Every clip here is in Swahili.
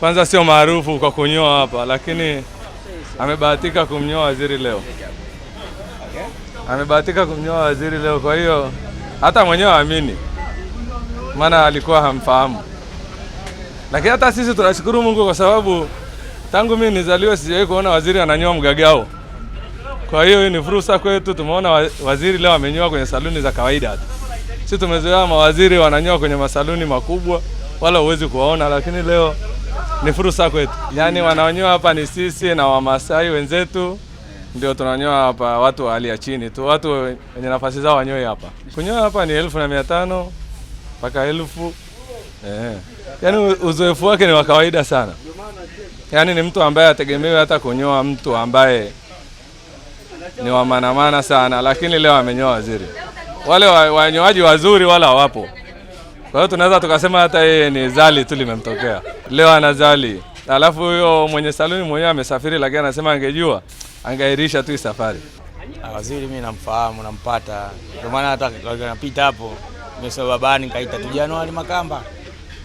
Kwanza sio maarufu kwa kunyoa hapa, lakini amebahatika kumnyoa waziri leo, amebahatika kumnyoa waziri leo. Kwa hiyo hata mwenyewe aamini, maana alikuwa hamfahamu, lakini hata sisi tunashukuru Mungu kwa sababu tangu mimi nizaliwe sijawahi kuona waziri ananyoa mgagao. Kwa hiyo hii ni fursa kwetu. Tumeona waziri leo amenyoa kwenye saluni za kawaida tu. Sisi tumezoea mawaziri wananyoa kwenye masaluni makubwa, wala huwezi kuwaona, lakini leo ni fursa kwetu. Yaani wanaonyoa hapa ni sisi na Wamasai wenzetu ndio tunanyoa hapa, watu wa hali ya chini tu, watu wenye nafasi zao wanyoe hapa. Kunyoa hapa ni elfu na mia tano mpaka elfu eh. Yaani uzoefu wake ni wa kawaida sana, yaani ni mtu ambaye ategemewe hata kunyoa mtu ambaye ni wamanamana sana, lakini leo amenyoa waziri. Wale wanyoaji wazuri wala hawapo, kwa hiyo tunaweza tukasema hata yeye ni zali tu limemtokea leo, ana zali. Alafu huyo mwenye saluni mwenyewe amesafiri, lakini anasema angejua angairisha tu safari. Ah, waziri mimi namfahamu, nampata, ndio maana hata anapita hapo nimesema babani, kaita tu Januari Makamba,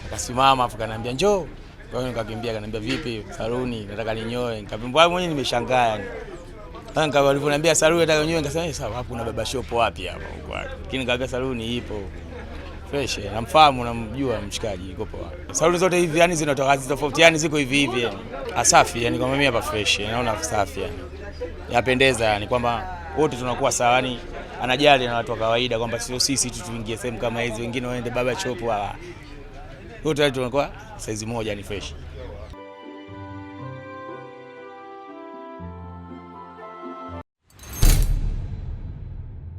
akasimama afu kanaambia njoo. Kwa hiyo nikakimbia, kanaambia vipi, saluni, nataka ninyoe. Nikamwambia mwenyewe nimeshangaa yani. Sasa walivyoniambia saluni nataka wenyewe nikasema eh, sawa hapo kuna baba shop wapi hapo kwa. Lakini nikamwambia saluni ipo. Fresh, namfahamu namjua mshikaji yuko wapi. Saluni zote hivi yani zinatoka tofauti yani ziko hivi hivi yani. Asafi yani kwa mimi hapa fresh. Naona safi yani. Yapendeza yani kwamba wote tunakuwa sawa yani anajali na watu wa kawaida kwamba sio sisi tu tuingie sehemu kama hizi, wengine waende baba shop wala. Wote tunakuwa saizi moja ni fresh.